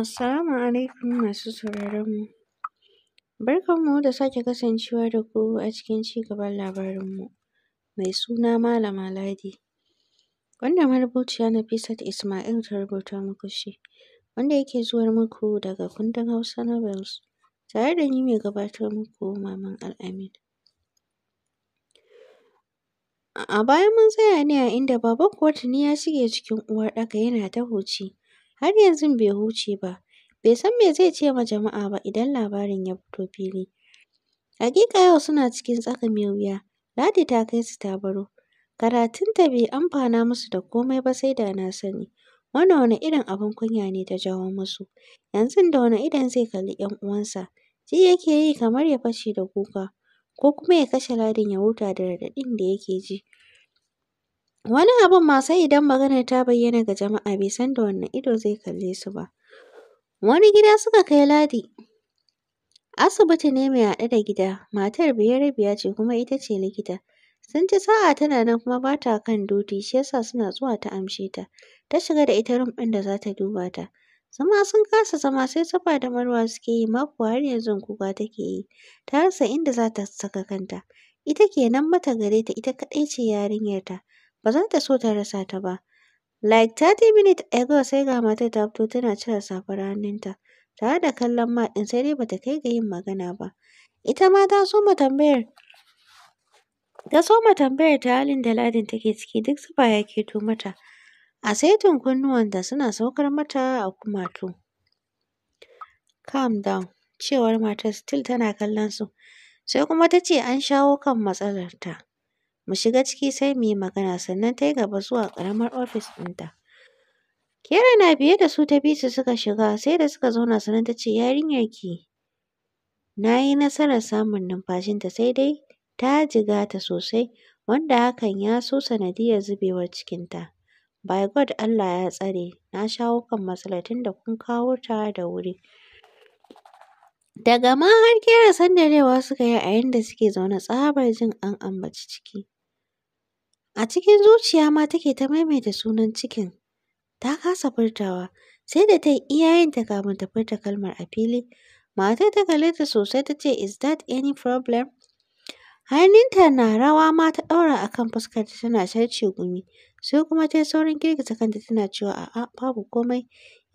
Assalamu alaikum masu sauraron mu. Barkan mu da sake kasancewa da ku a cikin cigaban labarin mu mai suna Malama Ladi. Wanda marubuciya Nafisat Ismail ta rubuta muku shi. Wanda yake zuwar muku daga kundin Hausa na Novels. Tare da ni mai gabatar muku Maman Al'amin. A baya mun tsaya ne a inda baban kotuni ya shige cikin uwarɗaka yana ta huci. har yanzu bai huce ba. Bai san me zai ce ma jama'a ba idan labarin ya fito fili. Hakika yau suna cikin tsaka mai wuya. Ladi ta kai su ta baro. Karatunta bai amfana musu da komai ba sai da na sani. Wannan wani irin abin kunya ne ta jawo musu. Yanzu da wani idan zai kalli 'yan uwansa. Ji yake yi kamar ya fashe da kuka ko kuma ya kashe Ladin ya huta da raɗaɗin da yake ji. Wani abin ma sai idan maganar ta bayyana ga jama'a bai san da wanne ido zai kalle su ba. Wani gida suka kai Ladi. Asibiti ne mai haɗe da gida, matar biyar biya ce kuma ita ce likita. Sun ci sa'a tana nan kuma ba ta kan duti shi yasa suna zuwa ta amshe ta. Ta shiga da ita rum ɗin da za ta duba ta. Zama sun kasa zama sai safa da marwa suke yi mako har yanzu kuka take yi. Ta rasa inda za ta saka kanta. Ita kenan mata gare ta ita kaɗai ce yarinyarta. Ba za ta so ta rasa ta ba. Like 30 minutes ago sai ga matar ta fito tana cire safar hannunta. Tare da kallon ma ɗin sai dai bata kai ga yin magana ba. Ita ma ta soma tambayar ta soma tambayar ta halin da Ladin take ciki duk zufa ya keto mata. A saitin da suna saukar mata a kumatu. Calm down, cewar matar still tana kallon su. Sai kuma ta ce an shawo kan matsalar ta. mu shiga ciki sai mu yi magana sannan ta yi gaba zuwa ƙaramar ofis ɗinta. Kera na biye da su ta bi su suka shiga sai da suka zauna sannan ta ce yarinyar ki na yi nasarar samun numfashinta sai dai ta jigata sosai wanda hakan ya so sanadiyar zubewar cikinta. By God Allah ya tsare, na shawo kan matsalar da kun kawo ta da wuri. Daga ma har kera sandarewa suka yi a yanda suke zaune tsabar jin an ambaci ciki. A cikin zuciya ma take ta maimaita sunan cikin. Ta kasa furtawa, sai da ta yi iyayenta kafin ta furta kalmar a fili. Matar ta kalle ta sosai ta ce, Is that any problem? Hannunta na rawa ma ta ɗaura a kan fuskarta tana tace gumi, sai kuma ta yi saurin girgiza kanta tana cewa a'a, babu komai,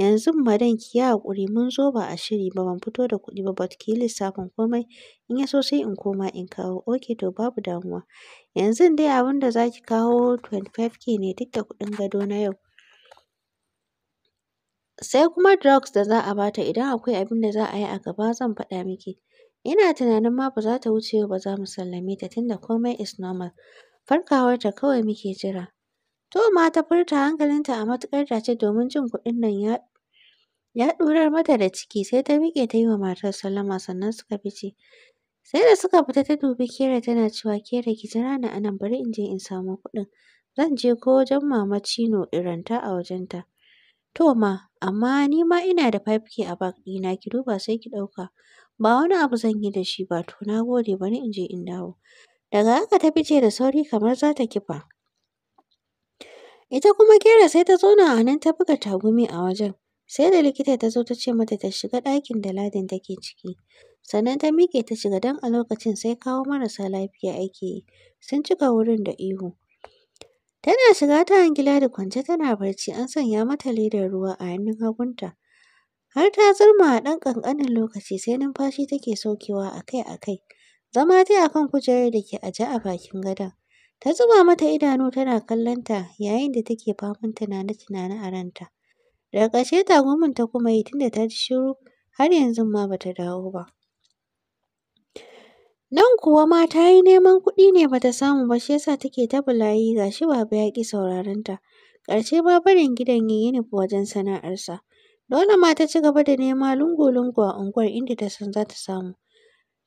yanzu ma dan ki yi haƙuri mun zo ba a shiri ba ban fito da kuɗi ba but ki lissafin komai, in ya so sai in koma in kawo, ok to babu damuwa, yanzu dai abin da za ki kawo 25k ne duk da kuɗin gado na yau. Sai kuma drugs da za a ba ta idan akwai abin da za a yi a gaba zan faɗa miki. Ina tunanin ma ba za ta wuce yau ba za mu sallame ta tunda komai is normal. Farkawarta kawai muke jira. To ma ta furta hankalinta a matuƙar dace domin jin kuɗin nan ya ya ɗurar mata da ciki sai ta miƙe ta yi wa matar sallama sannan suka fice. Sai da suka fita ta dubi Kera tana cewa Kera ki jira ni anan nan bari in je in samo kuɗin. Zan je ko wajen Mama Cino iranta a wajenta. To ma, amma ni ma ina da 5k a bank ɗina ki duba sai ki ɗauka. Ba wani abu zan yi da shi ba to na gode bari in je in dawo. Daga haka ta fice da sauri kamar za ta kifa. Ita kuma Kera sai ta zauna a nan ta buga tagumi a wajen. Sai da likita ta zo ta ce mata ta shiga ɗakin da Ladin take ciki. Sannan ta miƙe ta shiga don a lokacin sai kawo marasa lafiya ake yi. Sun cika wurin da ihu. Tana shiga ta hangi da kwance tana barci an sanya mata ledar ruwa a hannun hagunta. har ta zarma a ɗan ƙanƙanin lokaci sai numfashi take saukewa akai-akai. Zama ta a kan kujerar da ke aje a bakin gadon. Ta zuba mata idanu tana kallonta yayin da take faman tunane-tunane a ranta. Daga ƙarshe tagomin ta kuma yi tunda ta ji shiru har yanzu ma ba ta dawo ba. Nan kuwa ma ta yi neman kuɗi ne bata samu ba shi yasa take ta bulayi ga shi baba ya ƙi sauraron ta. Ƙarshe ma barin gidan ya yi nufi wajen sana'arsa. Dole ma ta ci gaba da nema lungu-lungu a unguwar inda ta san za ta samu.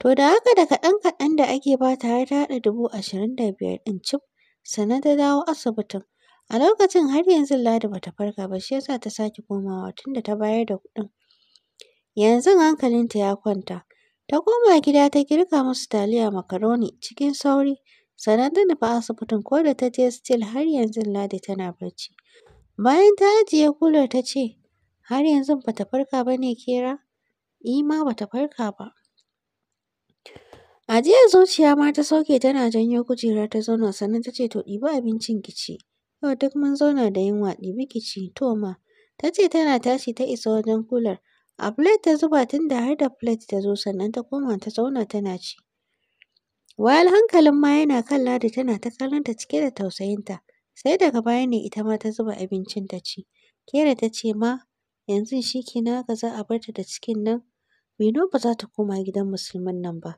To da haka da kaɗan-kaɗan da ake ba ta har ta haɗa dubu ashirin da biyar ɗin cif sannan ta dawo asibitin. A lokacin har yanzu Ladi ba ta farka ba shi ya sa ta sake komawa tunda ta bayar da kuɗin. Yanzu hankalinta ya kwanta. Ta koma gida ta girka musu taliya makaroni cikin sauri sannan ta nufi asibitin ko da ta je stil har yanzu Ladi tana barci. Bayan ta ajiye kular ta ce Har yanzu bata farka ba ne Kera? Ima e, bata ba ta farka ba. Ajiyar zuciya ma ta sauke tana janyo kujera ta zauna sannan ta ce to ɗibi abincin ki ci. Yau duk mun zauna da yunwa ɗibi ki ci to ma. Ta ce tana tashi ta isa wajen kular. A plate ta zuba tunda har da plate ta zo sannan ta koma ta zauna tana ci. Wayar hankalin ma yana kan Ladi tana ta kallon ta cike da tausayinta. Sai daga baya ne ita ma ta zuba abincin ta ci. Kera ta ce ma yanzu shi kenan haka za a barta da cikin nan Bino ba za ta koma gidan musulman nan ba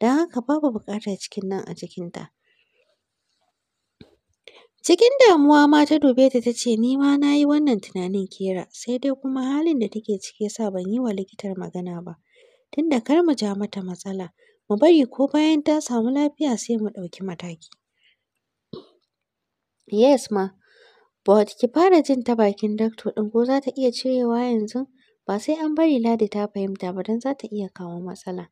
don haka babu bukatar cikin nan a jikinta Cikin damuwa ma ta dube ta ta ce ni ma na yi wannan tunanin kera sai dai kuma halin da take ciki sa ban yi wa likitar magana ba tunda kar mu ja mata matsala mu bari ko bayan ta samu lafiya sai mu ɗauki mataki. Yes ma But ki fara jin ta bakin dakto ɗin ko za ta iya cirewa yanzu? Ba sai an bari Ladi ta fahimta ba don za ta iya kawo matsala.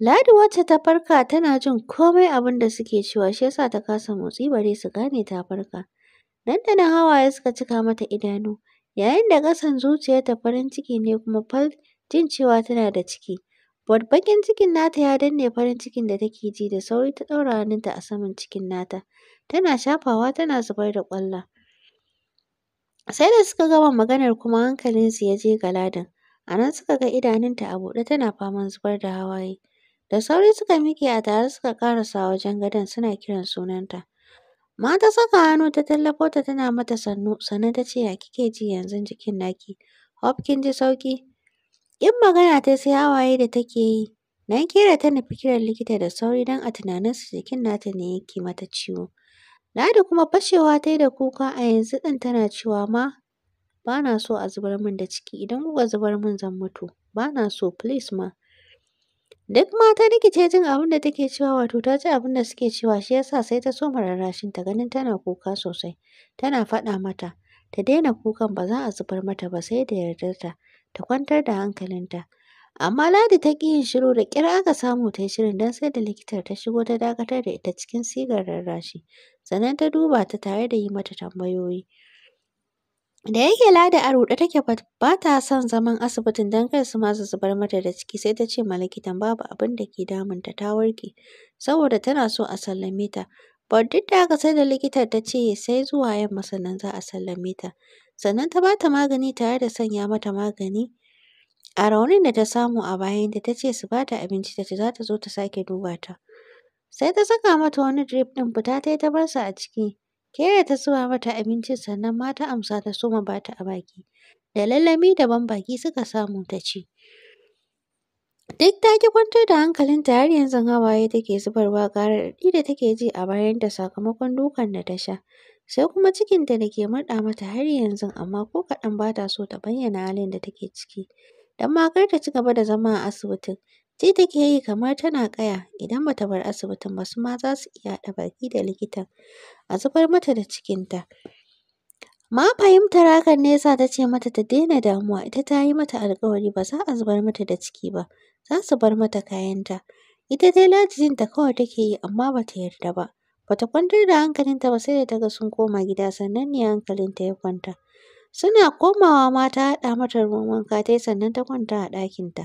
Ladi wacce ta farka tana jin komai abin da suke cewa shi yasa ta kasa motsi bare su gane ta farka. Nan da nan hawaye suka cika mata idanu yayin da ƙasan zuciyarta farin ciki ne kuma fal jin cewa tana da ciki. But baƙin cikin nata ya danne farin cikin da take ji da sauri ta ɗaura hannunta a saman cikin nata. Tana shafawa tana zubar da ƙwalla. Sai da suka gama maganar kuma hankalinsu ya je ga Ladan. A nan suka ga idanunta a buɗe tana faman zubar da hawaye. Da sauri suka miƙe a tare suka ƙarasa wajen gadon suna kiran sunanta. Ma ta saka hannu ta tallafo ta tana mata sannu sannan ta ce ya kike ji yanzu jikin naki? Hope kin ji sauƙi? In magana ta sai hawaye da take yi. Nankera ta nufi kiran likita da sauri don a tunaninsu jikin nata ne yake mata ciwo. Ladi kuma fashewa ta yi da kuka a yanzu ɗin tana cewa ma ba na so a zubar min da ciki idan kuka zubar min zan mutu ba na so please ma. Duk ma ta rikice jin abin da take cewa wato ta ji abin da suke cewa shi yasa sai ta soma rarrashin ta ganin tana kuka sosai tana faɗa mata ta daina kukan ba za a zubar mata ba sai da yardarta ta kwantar da hankalinta. Amma Ladi ta ƙi yin shiru da ƙira aka samu ta yi shirin don sai da likitar ta shigo ta dakatar da ita cikin sigar rarrashi. Sannan ta duba ta tare da yi mata tambayoyi. Da yake Ladi a ruɗe take ba ta son zaman asibitin don kai su ma su zubar mata da ciki sai ta ce ma likitan babu abin da ke damunta ta warke saboda tana so a sallame ta. ba duk da haka sai da likitar ta ce sai zuwa yamma sannan za a sallame ta. sannan ta bata magani tare da sanya mata magani a raunin da ta samu a bayan da ta ce su bata abinci ta za ta zo ta sake duba ta sai ta saka mata wani drip din fita ta yi ta bar a ciki Kera ta zuba mata abinci sannan ma ta amsa ta soma bata a baki da lallami da ban baki suka samu ta ci Duk ta ki kwantar da hankalinta har yanzu hawaye take zubarwa gara da da take ji a bayan da sakamakon dukan da ta sha. sai kuma cikinta da ke murɗa mata har yanzu amma ko kaɗan ba ta so ta bayyana halin da take ciki dan ma ta ci gaba da zama a asibitin ce take yi kamar tana ƙaya idan ba ta bar asibitin ba su ma za su iya haɗa baki da likitan a zubar mata da cikinta ma fahimtar hakan ne yasa ta ce mata ta daina damuwa ita ta yi mata alƙawari ba za a zubar mata da ciki ba za su bar mata kayanta ita dai jinta kawai take yi amma ba ta yarda ba Bata kwantar da hankalinta ba sai da ta ga sun koma gida sannan ne hankalinta ya kwanta. Suna komawa ma ta haɗa mata ruwan wanka ta yi sannan ta kwanta a ɗakinta.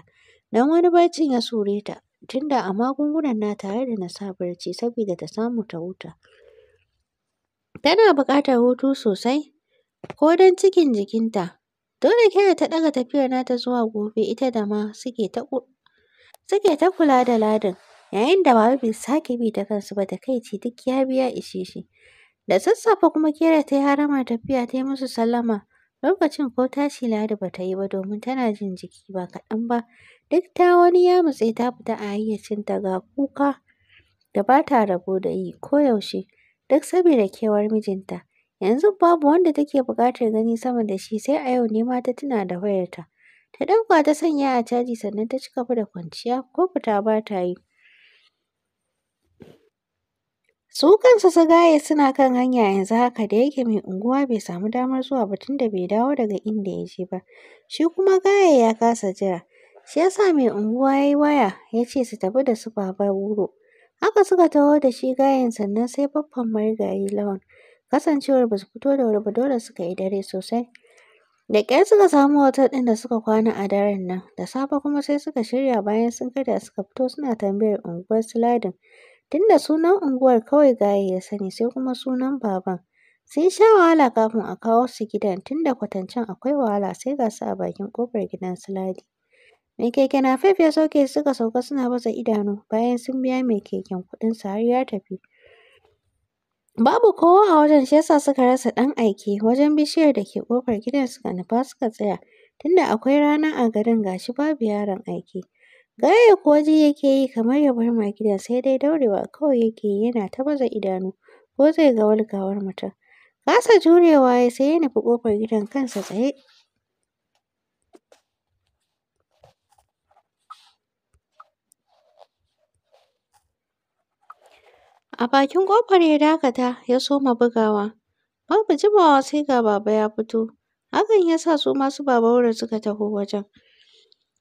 Dan wani barcin ya sure ta tunda a magungunan na tare da na sa barci saboda ta samu ta huta. Tana buƙatar hutu sosai ko don cikin jikinta. Dole Kera ta ɗaga tafiyar nata zuwa gobe ita da ma suke ta ta kula da ladan. yayin da baba bai sake bi da kansu ba takaici duk ya biya ishe shi. Da sassafe kuma Kera ta yi haramar tafiya ta yi musu sallama. Lokacin ko tashi Ladi ba ta yi ba domin tana jin jiki ba kaɗan ba. Duk ta wani ya mutse ta fita a hayyacinta ga kuka da ba ta rabo da yi koyaushe duk saboda kewar mijinta. Yanzu babu wanda take buƙatar gani sama da shi sai a yau ne ma ta tuna da wayarta. Ta ɗauka ta sanya a caji sannan ta ci gaba da kwanciya ko fita ba ta yi. Su kansa su gaye suna kan hanya yanzu haka da yake mai unguwa bai samu damar zuwa batun da bai dawo daga inda ya je ba. Shi kuma gaye ya kasa jira. Shi yasa mai unguwa ya yi waya ya ce su tafi da su Baba Wuro. Haka suka taho da shi gayen sannan sai baffan marigayi Lawan. Kasancewar ba su fito da wuri ba dole suka yi dare sosai. Da ƙyar suka samu wata ɗin da suka kwana a daren nan. Da safe kuma sai suka shirya bayan sun karya suka fito suna tambayar unguwar siladin. tunda sunan unguwar kawai Gaye ya sani sai kuma sunan baban. Sun sha wahala kafin a kawo su gidan tunda kwatancen akwai wahala sai ga su a bakin kofar gidan su Ladi. Mai keke napep ya sauke suka sauka suna baza idanu bayan sun biya mai keken su har ya tafi. Babu kowa a wajen shi yasa suka rasa ɗan aiki wajen bishiyar da ke kofar gidan suka nufa suka tsaya tunda akwai rana a garin gashi babu yaron aiki. Gaya kuwa ji yake yi kamar ya bar magida sai dai daurewa kawai yake yi yana ta baza idanu ko zai ga walƙawar mutum. Kasa jurewa ya sai ya nufi ƙofar gidan kansa tsaye. A bakin ƙofar ya dakata ya soma bugawa. Babu jimawa sai ga Baba ya fito. Hakan ya sa su ma su Wura suka taho wajen.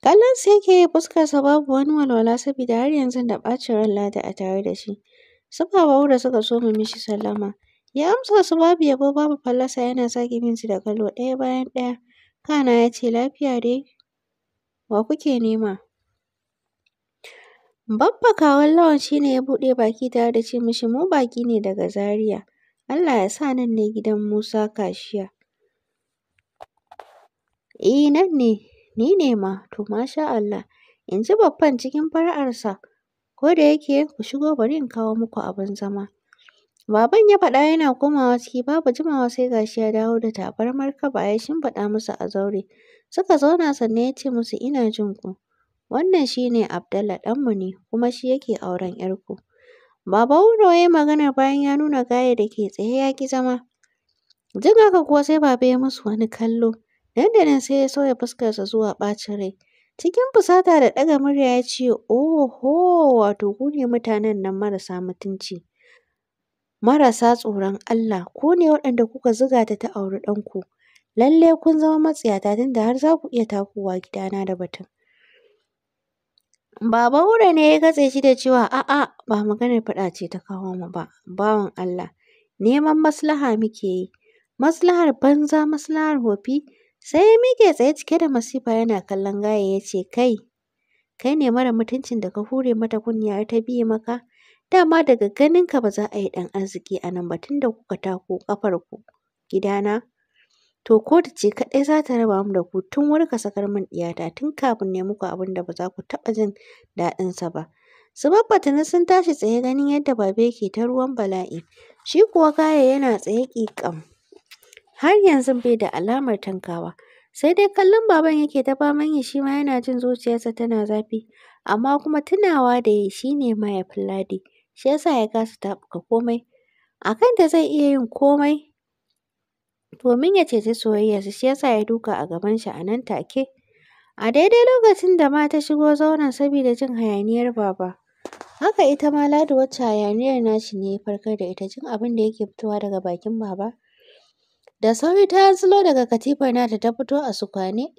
kallon sa yake yi fuskarsa babu wani walwala saboda har yanzu da ɓacin ran Ladi a tare da shi. Su da suka so mu mishi sallama. Ya amsa su babu yabo babu fallasa yana sake bin su da kallo ɗaya bayan ɗaya. Kana ya ce lafiya dai wa kuke nema? Babba kawun Lawan shi ya buɗe baki tare da ce mishi mu baki ne daga Zaria. Allah ya sa nan ne gidan Musa kashiya. Eh nan ne. Ni ne ma, to masha Allah, in ji Baffan cikin fara'arsa. Ko da yake ku shigo bari in kawo muku abin zama. Baban ya faɗa yana komawa ciki babu jimawa sai gashi ya dawo da tabarmar kaba ya shimfiɗa musu a zaure. Suka zauna sannan ya ce musu ina jin ku. Wannan shi ne Abdallah ɗanmu ne kuma shi yake auren ‘yarku. Baba Wuro ya yi maganar bayan ya nuna gaya da ke tsaye ya ƙi zama. Jin haka kuwa sai Baba ya musu wani kallo. dan da sai ya sauya fuskarsa zuwa ɓacin rai. Cikin fusata da ɗaga murya ya ce, Oho, wato ku ne mutanen nan marasa mutunci, marasa tsoron Allah, ku ne waɗanda kuka zuga ta ta auri ɗanku. Lallai kun zama matsiyata tun da har za ku iya takowa gidana da batun. Baba hura ne ya katse shi da cewa, A'a, ba maganar faɗa ce ta kawo mu ba, bawan Allah, neman maslaha muke yi. Maslahar banza, maslahar hofi, Sai ya miƙe tsaye cike da masifa yana kallon Gaye ya ce, Kai, kai ne mara mutuncin da ka hure mata kunya ta biye maka, dama daga ganinka ba za a yi ɗan arziki a nan ba tun da kuka tako ƙafarku gidana. To ko da ce kaɗai za ta raba mu da ku tun wuri ka sakar min ɗiyata tun kafin ne muku abin da ba za ku taɓa jin daɗinsa ba. Su babbatani sun tashi tsaye ganin yadda Baba yake ta ruwan bala'i, shi kuwa Gaye yana tsaye ƙiƙam. har yanzu bai da alamar tankawa. Sai dai kallon baban yake ta faman yi shi ma yana jin zuciyarsa tana zafi, amma kuma tunawa da yi shi ne mahaifin Ladi, shi ya sa ya kasa taɓuka komai. A kanta zai iya yin komai domin ya ceci soyayyarsa, shi yasa ya duka a gaban shi a nan take. A daidai lokacin da ma ta shigo zauren saboda jin hayaniyar baba. Haka ita ma Ladi wacce hayaniyar nashi ne ya farkar da ita jin abin da yake fitowa daga bakin baba. Da sauri ta zulo daga katifar nata ta fito a sukwane.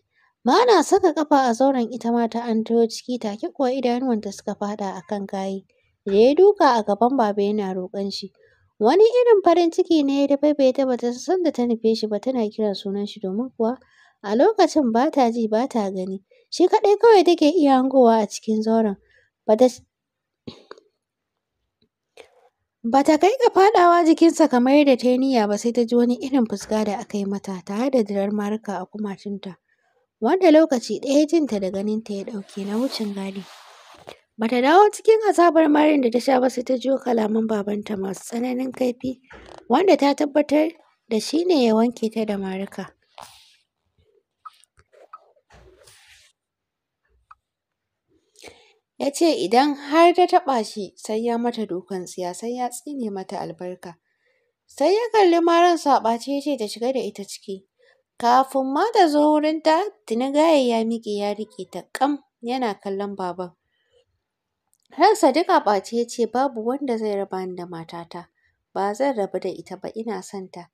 na saka kafa a zauren ita ma ta an anto ciki take kuwa idanuwanta suka fada a kan kayi. Da ya duka a gaban baba yana roƙon shi. Wani irin farin ciki ne ya taɓa ta bata san da ta nufe shi ba tana kiran sunan shi domin kuwa a lokacin ba ta ji ba ta gani. Shi kaɗai kawai take iya hangowa a cikin zauren. ta Ba ta kai ka faɗawa jikinsa kamar yadda ta yi niyya ba sai ta ji wani irin fuska da aka yi mata tare da dirar maruka a kumatunta, wanda lokaci ɗaya jinta da ganinta ya ɗauke na wucin gadi. Ba ta dawo cikin azabar marin da ta sha ba sai ta jiyo kalaman babanta masu tsananin kaifi, wanda ta tabbatar da shi ne ya wanke ta da maruka. ya ce idan har ta taɓa shi sai ya mata dukan tsiya sai ya tsine mata albarka. Sai ya kalli maran su a ɓace ce ta shiga da ita ciki. Kafin ma ta zo wurinta tuni gaye ya miƙe ya riƙe ta ƙam yana kallon baban. Ransa duk a ɓace ya ce babu wanda zai raba ni da matata, ba zan rabu da ita ba ina son ta.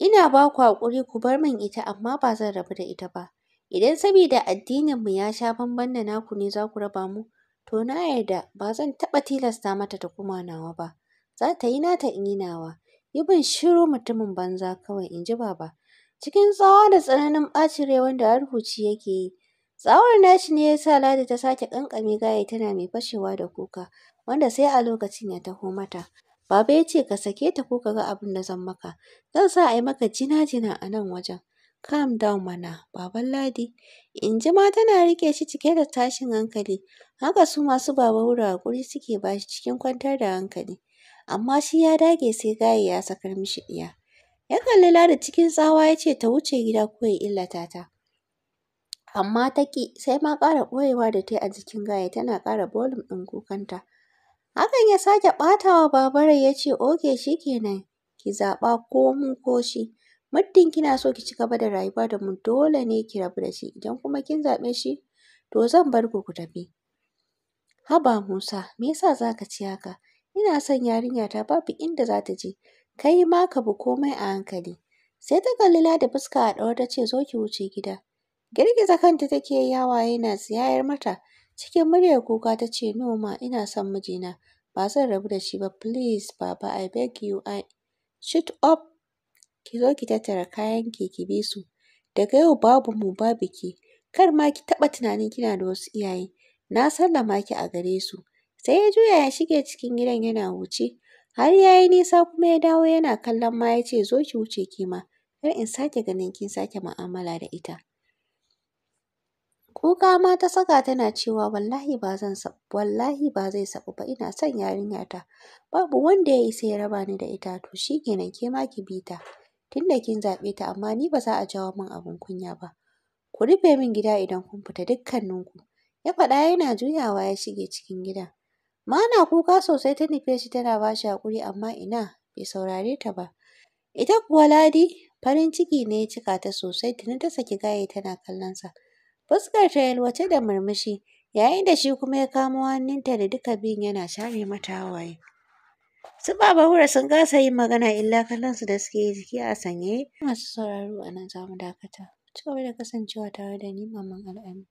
Ina ba ku haƙuri ku bar min ita amma ba zan rabu da ita ba. Idan sabida addininmu ya sha bamban da naku ne za ku raba mu, to na yarda ba zan taɓa tilasta mata ta koma nawa ba. Za ta yi nata in yi nawa. Yi min shiru mutumin banza kawai in ji Baba. Cikin tsawa da tsananin ɓacin rai wanda har yake yi. Tsawar nashi ne ya sa Ladi ta sake ƙanƙame gaye tana mai fashewa da kuka, wanda sai a lokacin ya taho mata. Baba ya ce ka sake ta ko ka ga abin da zan maka. Zan sa a yi maka jina-jina a nan wajen. calm down mana baban ladi in ji ma tana rike shi cike da tashin hankali haka su masu baba wura hakuri suke ba shi cikin kwantar da hankali amma shi ya dage sai gaye ya sakar mishi iya. ya kalli ladi cikin tsawa ya ce ta wuce gida ko ya illata ta amma ta ƙi sai ma ƙara ɓoyewa da ta yi a jikin gaye tana ƙara bolum ɗin kukanta hakan ya sake ɓata wa babarai ya ce oke shi kenan ki zaɓa ko mu ko shi muddin kina so ki ci gaba da rayuwa da mu dole ne ki rabu da shi idan kuma kin zaɓe shi to zan bar ku ku tafi haba musa me yasa za ka ci haka ina son yarinya ta babu inda za ta je kai ma ka bi komai a hankali sai ta kalli da fuska a ɗaure ta ce zo ki wuce gida girgiza kanta take yawa yana siyayar mata cikin muryar kuka ta ce noma ina son mijina ba zan rabu da shi ba please baba i beg you i shut up ki zo ki tattara kayan ki bi su. Daga yau babu mu babu Kar ma ki taɓa tunanin kina da wasu iyaye. Na sallama ki a gare su. Sai ya juya ya shige cikin gidan yana wuce. Har ya yi nisa kuma ya dawo yana kallon ma ya ce zo ki wuce ki ma. Kar in sake ganin kin sake mu'amala da ita. Kuka ma ta saka tana cewa wallahi ba zan wallahi ba zai sabu ba ina son yarinya ta? Babu wanda ya isa ya raba ni da ita to shikenan ke ma ki bi ta. tun da kin zaɓe ta amma ni ba za a jawo min abin kunya ba. Ku rufe min gida idan kun fita dukkaninku. Ya faɗa yana juyawa ya shige cikin gidan. Mana kuka sosai ta nufe shi tana ba shi haƙuri amma ina bai saurare ta ba. Ita kuwa Ladi farin ciki ne ya cika ta sosai tuni ta saki gaye tana kallon sa. Fuskar ta yalwace da murmushi yayin da shi kuma ya kamo hannunta da duka biyun yana share mata hawaye. Su ba bahura sun gasa yin magana illa kallonsu da suke jiki a sanye. Masu sauraro a nan za mu dakata. Ci da kasancewa tare da ni Maman al'amu